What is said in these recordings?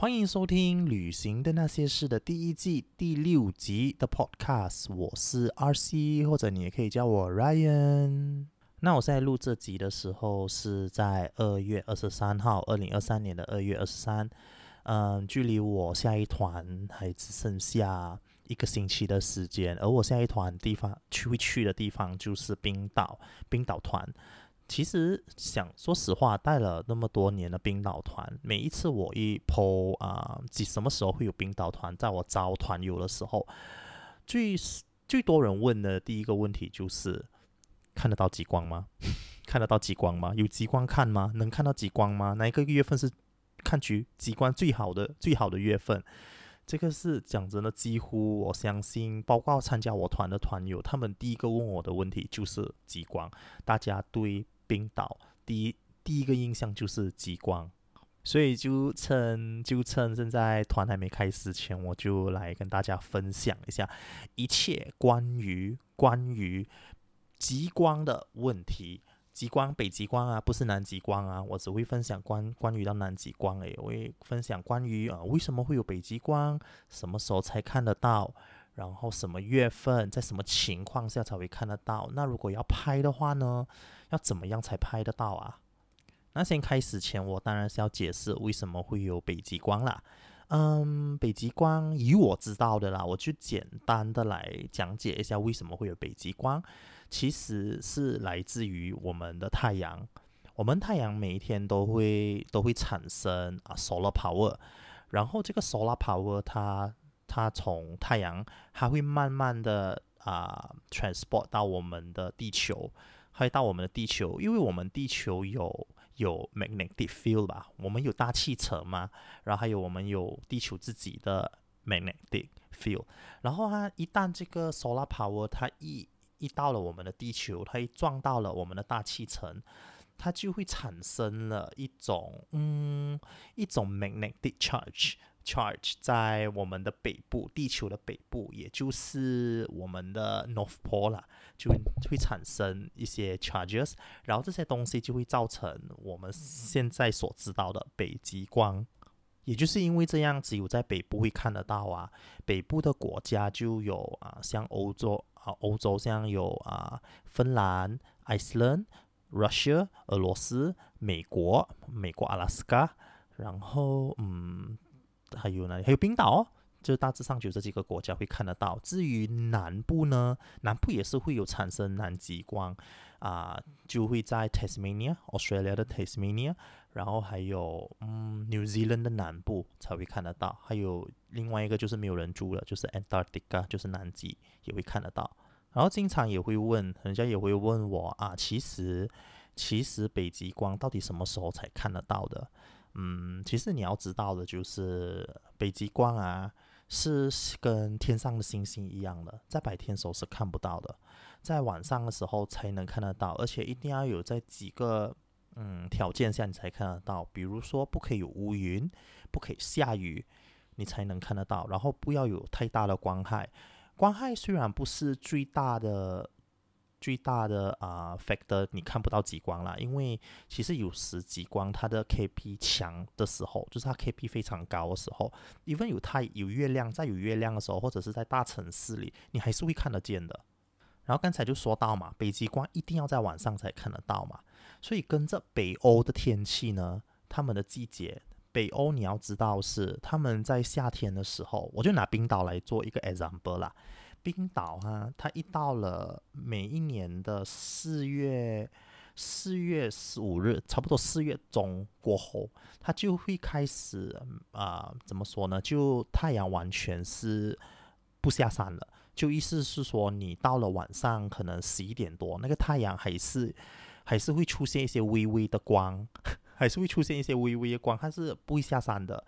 歡迎收聽《旅行的那些事》的第一季第六集的 Podcast，我是 RC，或者你也可以叫我 Ryan。那我現在錄這集的時候是在二月二十三號，二零二三年的二月二十三。嗯，距離我下一團還只剩下一個星期的時間，而我下一團地方去會去的地方就是冰島，冰島團。其實想說實話，帶了那麼多年的冰島團，每一次我一拋啊，什麼時候會有冰島團，在我招團友的時候，最最多人問的第一個問題就是：看得到極光嗎？ 看得到極光嗎？有極光看嗎？能看到極光嗎？哪一個月份是看極極光最好的最好的月份？這個是講真的，幾乎我相信，包括參加我團的團友，他們第一個問我的問題就是極光，大家對冰島第一第一個印象就是極光，所以就趁就趁現在團還沒開始前，我就來跟大家分享一下一切關於關於極光的問題。極光，北極光啊，不是南極光啊。我只會分享關關於到南極光，誒，我會分享關於啊為什麼會有北極光，什麼時候才看得到，然後什麼月份在什麼情況下才會看得到。那如果要拍的話呢？要怎麼樣才拍得到啊？那先開始前，我當然是要解釋為什麼會有北極光啦。嗯，北極光以我知道的啦，我就簡單的來講解一下為什麼會有北極光。其實是來自於我們的太陽，我們太陽每一天都會都會產生啊，solar power。然後這個 solar power 它它從太陽，它會慢慢的啊 transport 到我們的地球。快到我們的地球，因為我們地球有有 magnetic field 吧，我們有大氣層嘛，然後還有我們有地球自己的 magnetic field。然後它、啊、一旦這個 solar power 它一一到了我們的地球，它一撞到了我們的大氣層，它就會產生了一種嗯一種 magnetic charge charge 在我們的北部地球的北部，也就是我們的 North Pole 啦。就會產生一些 charges，然後這些東西就會造成我們現在所知道的北極光，也就是因為這樣子，只有在北部會看得到啊，北部的國家就有啊，像歐洲啊，歐洲像有啊，芬蘭、Iceland、Russia、俄羅斯、美國、美國阿拉斯加，然後嗯，還有呢，還有冰島。就大致上，就這幾個國家會看得到。至於南部呢，南部也是會有產生南極光，啊，就會在 Tasmania，Australia 的 Tasmania，然後還有嗯 New Zealand 的南部才會看得到。還有另外一個就是沒有人住了，就是 Antarctica，就是南極也會看得到。然後經常也會問，人家也會問我啊，其實其實北極光到底什麼時候才看得到的？嗯，其實你要知道的就是北極光啊。是跟天上的星星一樣的，在白天的時候是看不到的，在晚上的時候才能看得到，而且一定要有在幾個嗯條件下你才看得到，比如說不可以有烏雲，不可以下雨，你才能看得到，然後不要有太大的光害，光害雖然不是最大的。最大的啊、uh, factor 你看不到極光啦，因為其實有時極光它的 KP 強的時候，就是它 KP 非常高的時候，因為有太有月亮，在有月亮的時候，或者是在大城市裡，你還是會看得見的。然後剛才就說到嘛，北極光一定要在晚上才看得到嘛，所以跟着北歐的天氣呢，他們的季節，北歐你要知道是他們在夏天的時候，我就拿冰島來做一個 example 啦。冰島哈、啊，它一到了每一年的四月、四月十五日，差不多四月中過後，它就會開始啊、呃，怎麼說呢？就太陽完全是不下山了。就意思是說，你到了晚上可能十一點多，那個太陽還是還是會出現一些微微的光，還是會出現一些微微的光，它是不會下山的。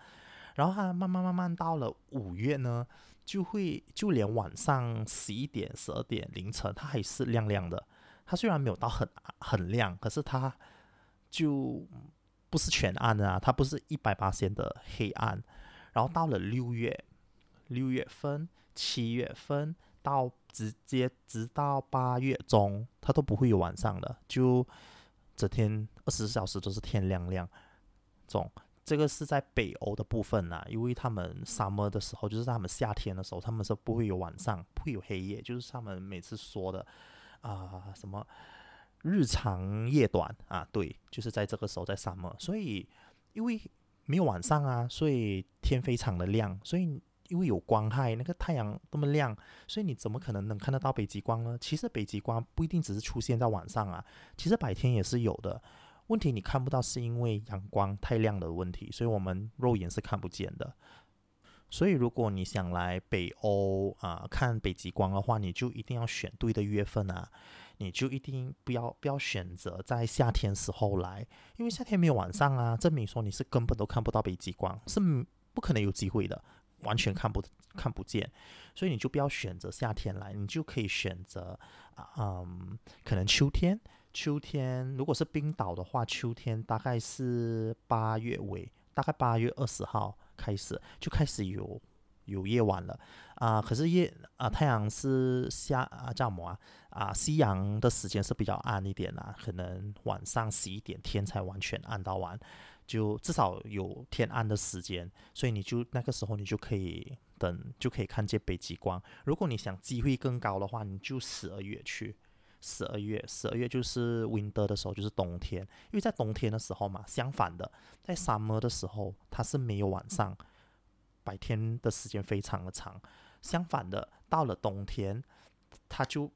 然後它慢慢慢慢到了五月呢。就會就連晚上十一點、十二點凌晨，它還是亮亮的。它雖然沒有到很很亮，可是它就不是全暗的啊，它不是百分之百的黑暗。然後到了六月、六月份、七月份，到直接直到八月中，它都不會有晚上的，就整天二十四小時都是天亮亮這種。這個是在北歐的部分吶、啊，因為他們 summer 的時候，就是他們夏天的時候，他們是不會有晚上，不會有黑夜，就是他們每次說的，啊、呃、什麼日長夜短啊，對，就是在這個時候在 summer，所以因為沒有晚上啊，所以天非常的亮，所以因為有光害，那個太陽那麼亮，所以你怎麼可能能看得到北極光呢？其實北極光不一定只是出現在晚上啊，其實白天也是有的。問題你看不到，是因為陽光太亮的問題，所以我們肉眼是看不見的。所以，如果你想來北歐啊、呃、看北極光的話，你就一定要選對的月份啊，你就一定不要不要選擇在夏天時候來，因為夏天沒有晚上啊，證明說你是根本都看不到北極光，是不可能有機會的，完全看不看不見。所以你就不要選擇夏天來，你就可以選擇啊，嗯、呃，可能秋天。秋天，如果是冰島的話，秋天大概是八月尾，大概八月二十號開始就開始有有夜晚了啊。可是夜啊，太陽是下啊叫什麼啊，啊，夕陽的時間是比較暗一點啦、啊，可能晚上十一點天才完全暗到完，就至少有天暗的時間，所以你就那個時候你就可以等，就可以看見北極光。如果你想機會更高的話，你就十二月去。十二月，十二月就是 winter 的時候，就是冬天。因為在冬天的時候嘛，相反的，在 summer 的時候，它是沒有晚上，白天的時間非常的長。相反的，到了冬天，它就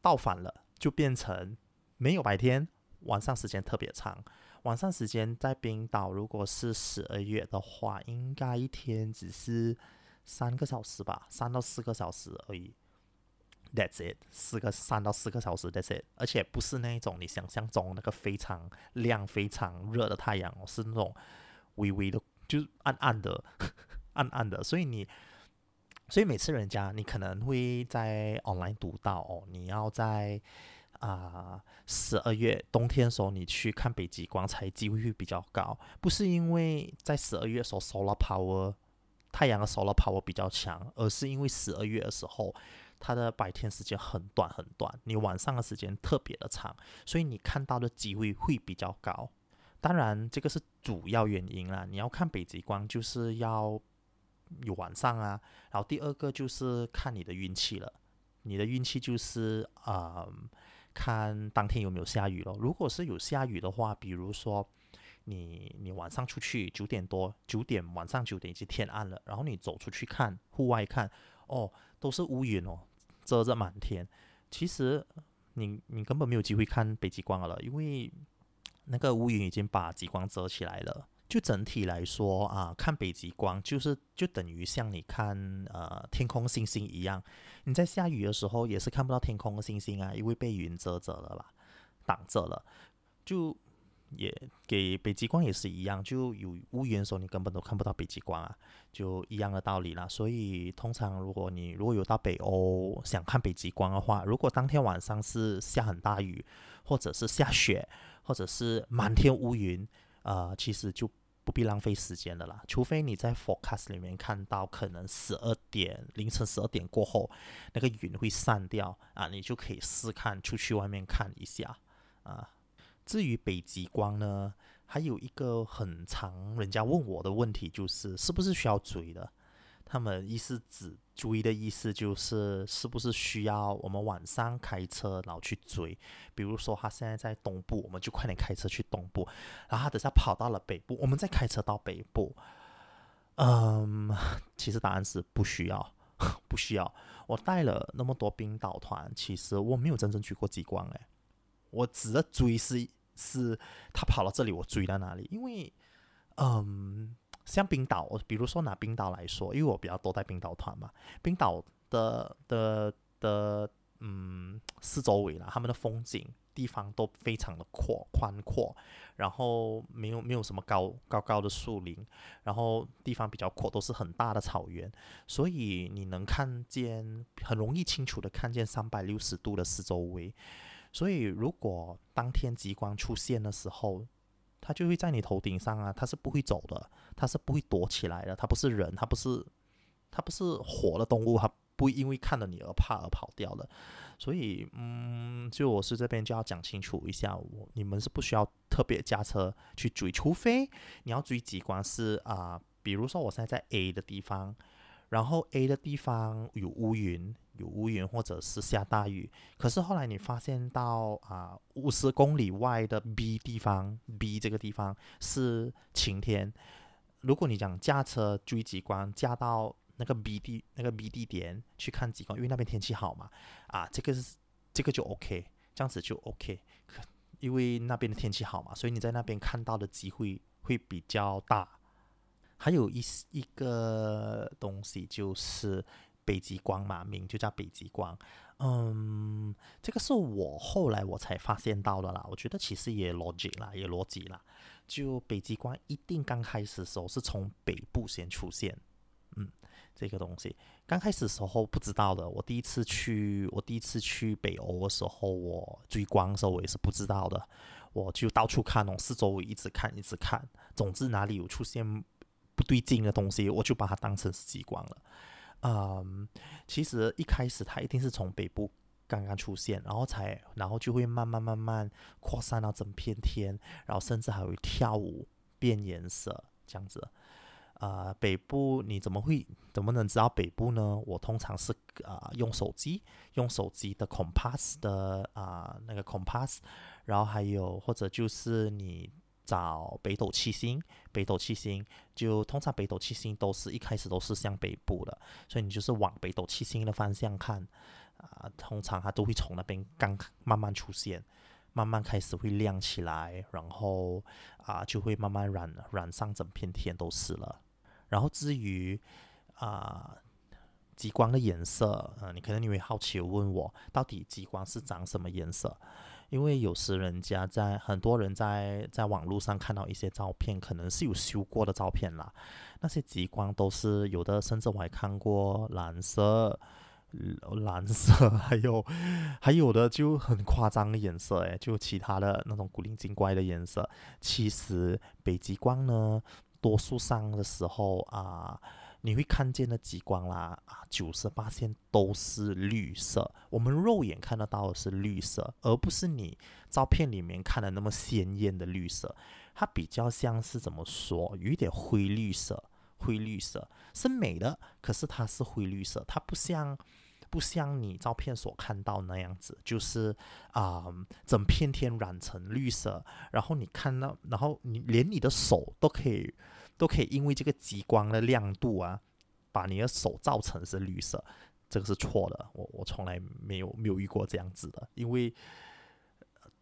倒反了，就變成沒有白天，晚上時間特別長。晚上時間在冰島，如果是十二月的話，應該一天只是三個小時吧，三到四個小時而已。That's it，四個三到四個小時。That's it，而且不是那種你想象中那個非常亮、非常熱的太陽哦，是那種微微的，就是暗暗的呵呵、暗暗的。所以你，所以每次人家你可能會在 online 讀到哦，你要在啊十二月冬天的時候你去看北極光才機會會比較高，不是因為在十二月的時候 solar power 太陽的 solar power 比較強，而是因為十二月的時候。它的白天時間很短很短，你晚上的時間特別的長，所以你看到的機會會比較高。當然，這個是主要原因啦。你要看北極光，就是要有晚上啊。然後第二個就是看你的運氣了。你的運氣就是啊、呃，看當天有沒有下雨咯。如果是有下雨的話，比如說你你晚上出去九點多，九點晚上九點已經天暗了，然後你走出去看戶外看哦。都是烏雲哦，遮着滿天。其實你你根本沒有機會看北極光了，因為那個烏雲已經把極光遮起來了。就整體來說啊，看北極光就是就等於像你看呃天空星星一樣。你在下雨的時候也是看不到天空的星星啊，因為被雲遮着了吧，擋着了。就也給北極光也是一樣，就有烏雲的時候，你根本都看不到北極光啊，就一樣的道理啦。所以通常如果你如果有到北歐想看北極光的話，如果當天晚上是下很大雨，或者是下雪，或者是滿天烏雲，啊、呃，其實就不必浪費時間的啦。除非你在 forecast 裡面看到可能十二點凌晨十二點過後那個雲會散掉啊，你就可以試看出去外面看一下啊。至於北極光呢，還有一個很常人家問我的問題就是，是不是需要追的？他們意思指追的意思就是，是不是需要我們晚上開車然後去追？比如說他現在在東部，我們就快點開車去東部，然後他等下跑到了北部，我們再開車到北部。嗯，其實答案是不需要，不需要。我帶了那麼多冰島團，其實我沒有真正去過極光誒，我只追是。是，他跑到這裡，我追到那裡。因為，嗯，像冰島，比如說拿冰島來說，因為我比較多帶冰島團嘛，冰島的的的，嗯，四周圍啦，他們的風景地方都非常的闊寬闊，然後沒有沒有什麼高高高的樹林，然後地方比較闊，都是很大的草原，所以你能看見，很容易清楚的看見三百六十度的四周圍。所以，如果當天極光出現的時候，它就會在你頭頂上啊，它是不會走的，它是不會躲起來的，它不是人，它不是，它不是活的動物，它不會因為看到你而怕而跑掉的。所以，嗯，就我是這邊就要講清楚一下，我你們是不需要特別駕車去追，除非你要追極光是啊、呃，比如說我現在在 A 的地方，然後 A 的地方有烏雲。有烏雲或者是下大雨，可是後來你發現到啊五十公里外的 B 地方，B 這個地方是晴天。如果你想駕車追極光，駕到那個 B 地那個 B 地點去看極光，因為那邊天氣好嘛，啊，這個是這個就 OK，這樣子就 OK，可因為那邊的天氣好嘛，所以你在那邊看到的機會會比較大。還有一一個東西就是。北極光嘛，名就叫北極光。嗯，這個是我後來我才發現到的啦。我覺得其實也邏輯啦，也邏輯啦。就北極光一定剛開始的時候是從北部先出現。嗯，這個東西剛開始的時候不知道的。我第一次去，我第一次去北歐的時候，我追光的時候我也是不知道的。我就到處看，哦，四周圍一直看，一直看。總之哪裡有出現不對勁的東西，我就把它當成是極光了。嗯，其實一開始它一定是從北部剛剛出現，然後才，然後就會慢慢慢慢擴散到整片天，然後甚至還會跳舞、變顏色這樣子。啊、呃，北部你怎麼會怎麼能知道北部呢？我通常是啊、呃、用手機，用手機的 compass 的啊、呃、那個 compass，然後還有或者就是你。找北斗七星，北斗七星就通常北斗七星都是一開始都是向北部的，所以你就是往北斗七星的方向看，啊、呃，通常它都會從那邊剛慢慢出現，慢慢開始會亮起來，然後啊、呃、就會慢慢染染上整片天都是了。然後至於啊、呃、極光的顏色，嗯、呃，你可能你會好奇問我，到底極光是長什麼顏色？因為有時人家在很多人在在網絡上看到一些照片，可能是有修過的照片啦。那些極光都是有的，甚至我還看過藍色、藍色，還有還有的就很誇張的顏色，哎，就其他的那種古靈精怪的顏色。其實北極光呢，多數上的時候啊。你會看見的極光啦，啊，九十八線都是綠色，我們肉眼看得到的是綠色，而不是你照片裡面看的那麼鮮艷的綠色。它比較像是怎麼說，有一點灰綠色，灰綠色是美的，可是它是灰綠色，它不像，不像你照片所看到那樣子，就是啊、呃，整片天染成綠色，然後你看到，然後你連你的手都可以。都可以因為這個極光的亮度啊，把你的手照成是綠色，這個是錯的。我我從來沒有沒有遇過這樣子的，因為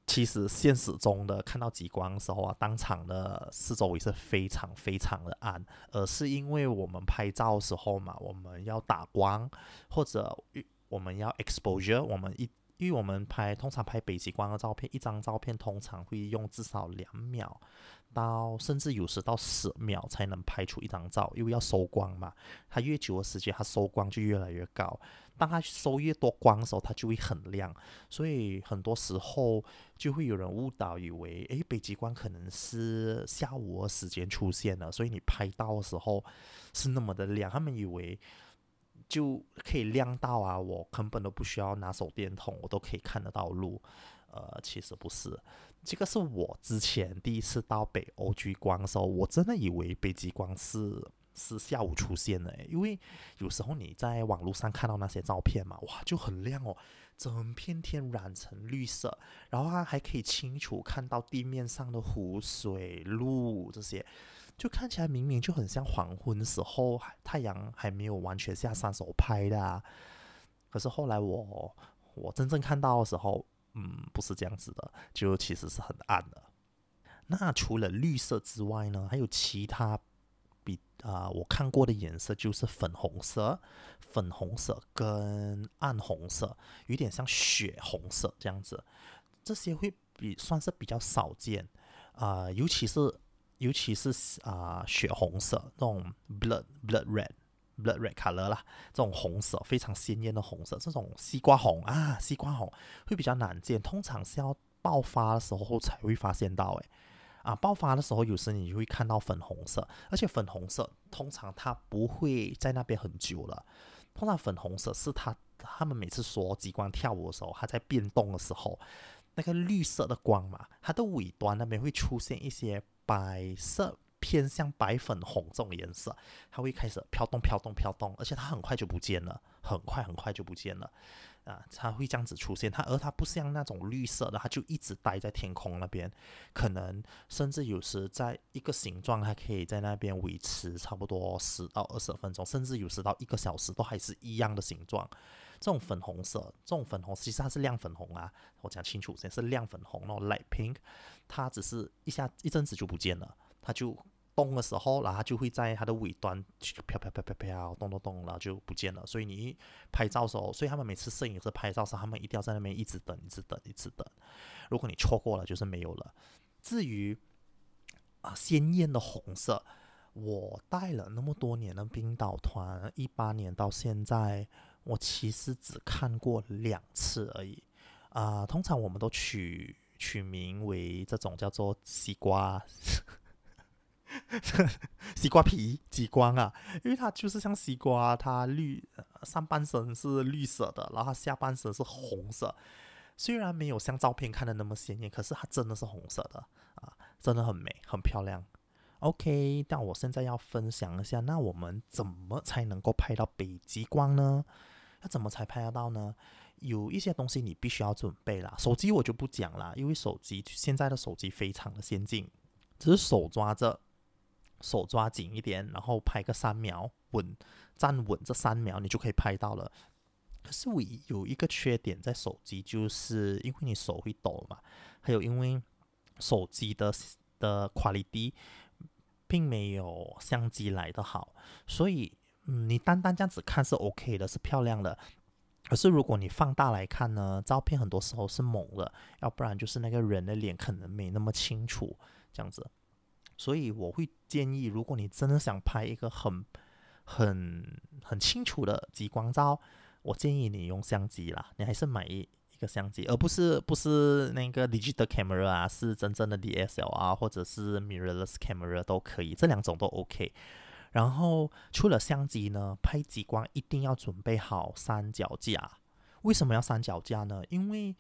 其實現實中的看到極光的時候啊，當場的四周圍是非常非常的暗，而是因為我們拍照的時候嘛，我們要打光或者我們要 exposure，我們一因為我們拍通常拍北極光的照片，一張照片通常會用至少兩秒。到甚至有時到十秒才能拍出一張照，因為要收光嘛。它越久的時間，它收光就越來越高。當它收越多光的時候，它就會很亮。所以很多時候就會有人誤導，以為誒，北極光可能是下午的時間出現了，所以你拍到的時候是那麼的亮。他們以為就可以亮到啊，我根本都不需要拿手電筒，我都可以看得到路。呃，其實不是，這個是我之前第一次到北歐極光的時候，我真的以為北極光是是下午出現的，因為有時候你在網絡上看到那些照片嘛，哇，就很亮哦，整片天染成綠色，然後它還可以清楚看到地面上的湖水、路這些，就看起來明明就很像黃昏的時候，太陽還沒有完全下山時候拍的啊，可是後來我我真正看到的時候。嗯，不是這樣子的，就其實是很暗的。那除了綠色之外呢，還有其他比啊、呃、我看過的顏色就是粉紅色，粉紅色跟暗紅色，有點像血紅色這樣子。這些會比算是比較少見啊、呃，尤其是尤其是啊血、呃、紅色那種 blood blood red。Blood red color 啦，這種紅色，非常鮮豔的紅色，這種西瓜紅啊，西瓜紅會比較難見，通常是要爆發的時候才會發現到誒，誒啊，爆發的時候有時你就會看到粉紅色，而且粉紅色通常它不會在那邊很久了，通常粉紅色是它他們每次說極光跳舞的時候，它在變動的時候，那個綠色的光嘛，它的尾端那邊會出現一些白色。偏向白粉紅這種顏色，它會開始飄動、飄動、飄動，而且它很快就不見了，很快、很快就不見了，啊，它會這樣子出現。它而它不像那種綠色的，它就一直待在天空那邊，可能甚至有時在一個形狀，它可以在那邊維持差不多十到二十分鐘，甚至有時到一個小時都還是一樣的形狀。這種粉紅色，這種粉紅其實它是亮粉紅啊，我講清楚，先是亮粉紅嘍，light pink。它只是一下一陣子就不見了，它就。動的時候，然後它就會在它的尾端飄飄飄飄飄，動動動，然後就不見了。所以你拍照的時候，所以他們每次攝影師拍照的時候，他們一定要在那邊一直等，一直等，一直等。如果你錯過了，就是沒有了。至於啊、呃、鮮豔的紅色，我帶了那麼多年的冰島團，一八年到現在，我其實只看過兩次而已。啊、呃，通常我們都取取名為這種叫做西瓜。 西瓜皮極光啊，因為它就是像西瓜，它綠上半身，是綠色的，然後它下半身是紅色。雖然沒有像照片看的那麼鮮豔，可是它真的是紅色的啊，真的很美，很漂亮。OK，但我現在要分享一下，那我們怎麼才能夠拍到北極光呢？那怎麼才拍得到呢？有一些東西你必須要準備啦，手機我就不講啦，因為手機現在的手機非常的先進，只是手抓着。手抓緊一點，然後拍個三秒，穩站穩這三秒，你就可以拍到了。可是我有一個缺點在手機，就是因為你手會抖嘛，還有因為手機的的 quality 並沒有相機來得好，所以，嗯，你單單這樣子看是 OK 的，是漂亮的。可是如果你放大來看呢，照片很多時候是朦的，要不然就是那個人的臉可能沒那麼清楚，這樣子。所以我會建議，如果你真的想拍一個很、很、很清楚的極光照，我建議你用相機啦，你還是買一一個相機，而不是不是那個 digital camera 啊，是真正的 DSLR 或者是 mirrorless camera 都可以，這兩種都 OK。然後除了相機呢，拍極光一定要準備好三腳架。為什麼要三腳架呢？因為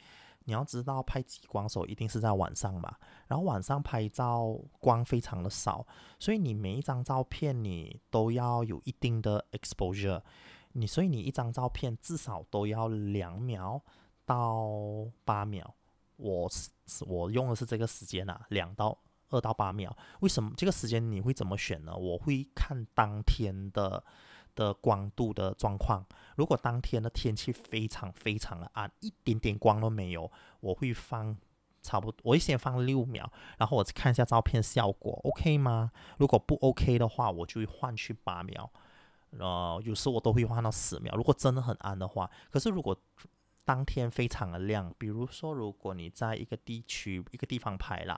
你要知道拍極光的時候一定是在晚上嘛，然後晚上拍照光非常的少，所以你每一張照片你都要有一定的 exposure，你所以你一張照片至少都要兩秒到八秒，我是我用的是這個時間啊，兩到二到八秒。為什麼這個時間你會怎麼選呢？我會看當天的。的光度的狀況，如果當天的天氣非常非常的暗，一點點光都沒有，我會放差不多，我會先放六秒，然後我看一下照片效果，OK 嗎？如果不 OK 的話，我就會換去八秒，呃，有時我都會換到十秒。如果真的很暗的話，可是如果當天非常的亮，比如說如果你在一個地區，一個地方拍了，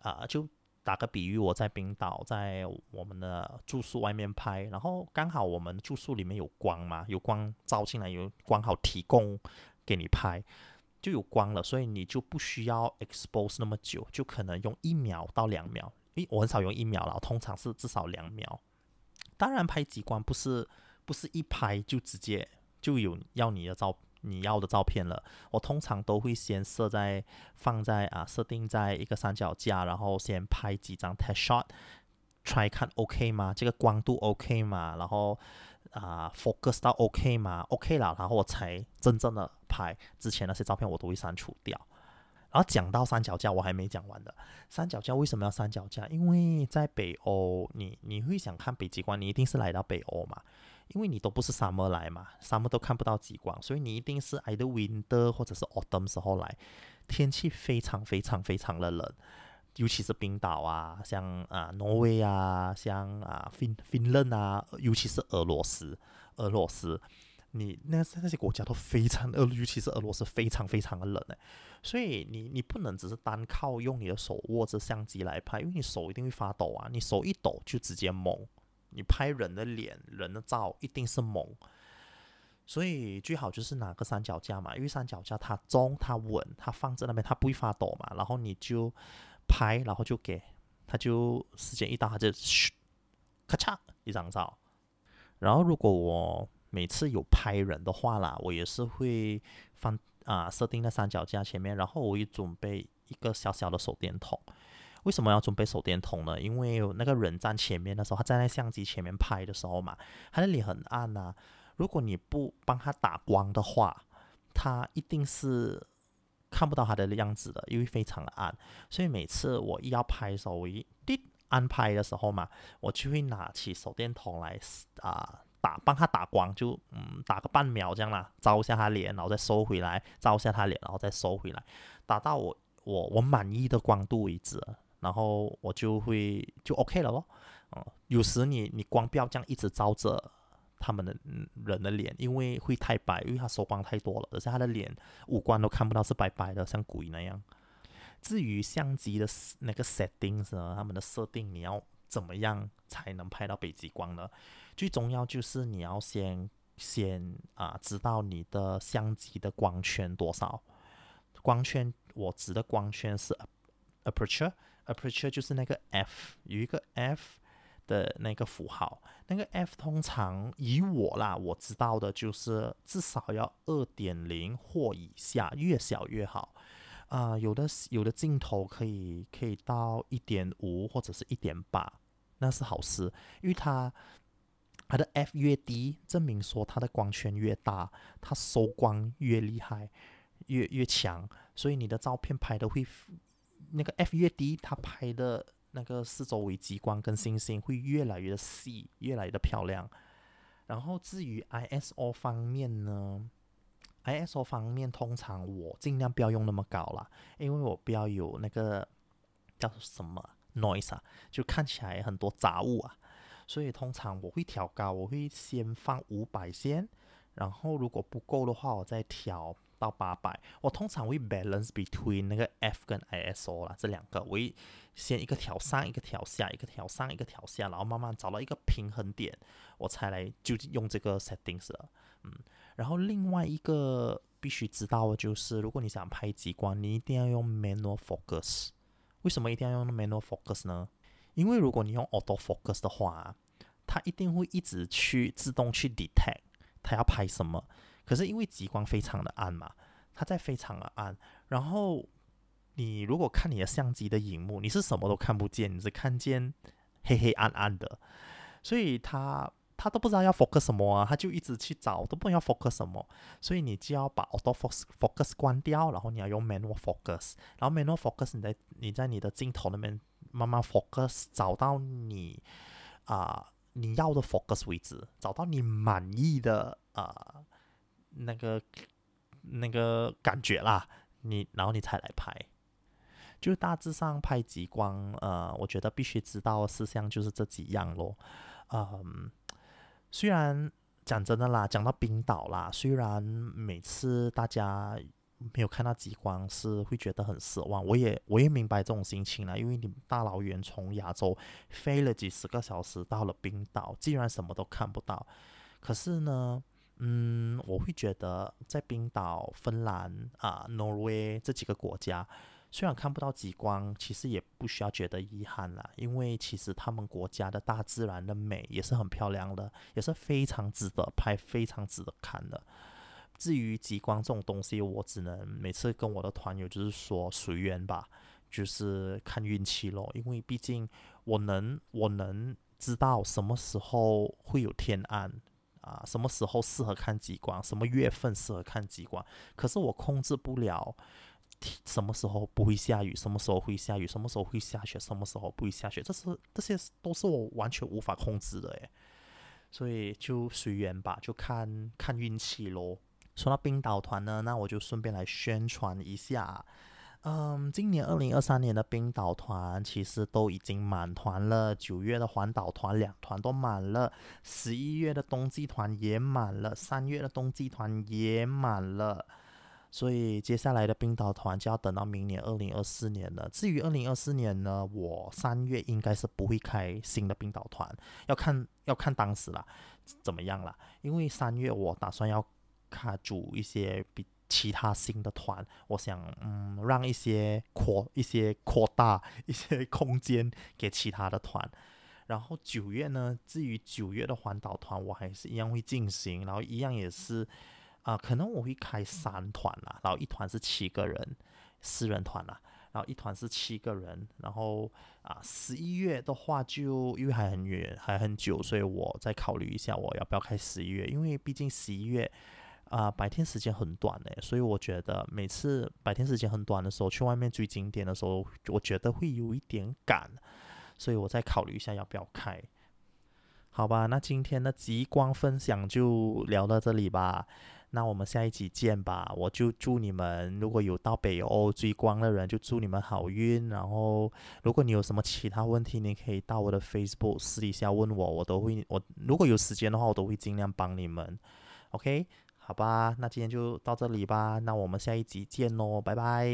啊、呃，就。打個比喻，我在冰島，在我們的住宿外面拍，然後剛好我們住宿裡面有光嘛，有光照進來，有光好提供給你拍，就有光了，所以你就不需要 expose 那麼久，就可能用一秒到兩秒，因為我很少用一秒，然後通常是至少兩秒。當然，拍極光不是不是一拍就直接就有要你的照。你要的照片了，我通常都會先設在放在啊，設定在一個三腳架，然後先拍幾張 test shot，try 看 OK 嗎？這個光度 OK 嗎？然後啊，focus 到 OK 嗎？OK 啦，然後我才真正的拍。之前那些照片我都會刪除掉。然後講到三腳架，我還沒講完的。三腳架為什麼要三腳架？因為在北歐，你你會想看北極光，你一定是來到北歐嘛。因為你都不是 summer 來嘛，summer 都看不到極光，所以你一定是 either winter 或者是 autumn 時候來，天氣非常非常非常的冷，尤其是冰島啊，像啊挪威啊，像啊芬芬蘭啊，尤其是俄羅斯，俄羅斯，你那那些國家都非常，尤其是俄羅斯非常非常的冷哎，所以你你不能只是單靠用你的手握着相機來拍，因為你手一定會發抖啊，你手一抖就直接蒙。你拍人的臉，人的照一定是猛，所以最好就是拿個三腳架嘛，因為三腳架它重，它穩，它放在那邊它不會發抖嘛，然後你就拍，然後就給它，就時間一到，它就噓，咔嚓一張照。然後如果我每次有拍人的話啦，我也是會放啊、呃，設定在三腳架前面，然後我也準備一個小小的手電筒。為什麼要準備手電筒呢？因為有那個人站前面的時候，他站在相機前面拍的時候嘛，他的臉很暗吶啊。如果你不幫他打光的話，他一定是看不到他的樣子的，因為非常的暗。所以每次我一要拍的時候，我一滴按拍的時候嘛，我就會拿起手電筒來啊打幫他打光，就嗯打個半秒這樣啦，照一下他臉，然後再收回來，照一下他臉，然後再收回來，打到我我我滿意的光度為止。然後我就會就 OK 了咯。哦，有時你你光不要這樣一直照着他們的人的臉，因為會太白，因為他收光太多了，而且他的臉五官都看不到，是白白的，像鬼那樣。至於相機的那個 settings 呢，他們的設定，你要怎麼樣才能拍到北極光呢？最重要就是你要先先啊，知道你的相機的光圈多少。光圈，我指的光圈是 ap aperture。aperture 就是那個 f，有一個 f 的那個符號，那個 f 通常以我啦，我知道的就是至少要二點零或以下，越小越好。啊、呃，有的有的鏡頭可以可以到一點五或者是一點八，那是好事，因為它它的 f 越低，證明說它的光圈越大，它收光越厲害，越越強，所以你的照片拍得會。那個 f 越低，它拍的那個四周圍極光跟星星會越來越細，越來越的漂亮。然後至於 ISO 方面呢，ISO 方面通常我盡量不要用那麼高啦，因為我不要有那個叫什麼 noise 啊，就看起來很多雜物啊。所以通常我會調高，我會先放五百先，然後如果不夠的話，我再調。到八百，我通常會 balance between 那個 F 跟 ISO 啦，這兩個我會先一個調上，一個調下，一個調上，一個調下，然後慢慢找到一個平衡點，我才來就用這個 settings 了。嗯，然後另外一個必須知道的就是，如果你想拍極光，你一定要用 manual focus。為什麼一定要用 manual focus 呢？因為如果你用 auto focus 的話，它一定會一直去自動去 detect 它要拍什麼。可是因為極光非常的暗嘛，它在非常的暗，然後你如果看你的相機的熒幕，你是什麼都看不見，你只看見黑黑暗暗的，所以他他都不知道要 focus 什麼啊，他就一直去找，都不知道要 focus 什麼。所以你就要把 auto focus focus 關掉，然後你要用 manual focus，然後 manual focus 你在你在你的鏡頭那邊慢慢 focus 找到你啊、呃、你要的 focus 位置，找到你滿意的啊。呃那個那個感覺啦，你然後你才來拍，就大致上拍極光，呃，我覺得必須知道的事項就是這幾樣咯，嗯，雖然講真的啦，講到冰島啦，雖然每次大家沒有看到極光是會覺得很失望，我也我也明白這種心情啦，因為你們大老遠從亞洲飛了幾十個小時到了冰島，竟然什麼都看不到，可是呢。嗯，我會覺得在冰島、芬蘭啊、挪威這幾個國家，雖然看不到極光，其實也不需要覺得遺憾啦，因為其實他們國家的大自然的美也是很漂亮的，也是非常值得拍、非常值得看的。至於極光這種東西，我只能每次跟我的團友就是說隨緣吧，就是看運氣咯。因為畢竟我能我能知道什麼時候會有天安。啊，什麼時候適合看極光？什麼月份適合看極光？可是我控制不了，什麼時候不會下雨，什麼時候會下雨，什麼時候會下雪，什麼時候不會下雪，這是這些都是我完全無法控制的誒，所以就隨緣吧，就看看運氣咯。說到冰島團呢，那我就順便來宣傳一下。嗯，今年二零二三年的冰島團其實都已經滿團了，九月的環島團兩團都滿了，十一月的冬季團也滿了，三月的冬季團也滿了，所以接下來的冰島團就要等到明年二零二四年了。至於二零二四年呢，我三月應該是不會開新的冰島團，要看，要看當時啦怎麼樣了，因為三月我打算要卡組一些比。其他新的團，我想嗯，讓一些擴一些擴大一些空間給其他的團。然後九月呢，至於九月的環島團，我還是一樣會進行，然後一樣也是啊，可能我會開三團啦、啊，然後一團是七個人，四人團啦、啊，然後一團是七個人，然後啊，十一月的話就，就因為還很遠，還很久，所以我再考慮一下我要不要開十一月，因為畢竟十一月。啊、呃，白天時間很短哎，所以我覺得每次白天時間很短的時候去外面追景點的時候，我覺得會有一點趕，所以我再考慮一下要不要開。好吧，那今天的極光分享就聊到這裡吧，那我們下一期見吧。我就祝你們，如果有到北歐追光的人，就祝你們好運。然後，如果你有什麼其他問題，你可以到我的 Facebook 私底下問我，我都會我如果有時間的話，我都會盡量幫你們。OK。好吧，那今天就到這裡吧。那我們下一集見嘍，拜拜。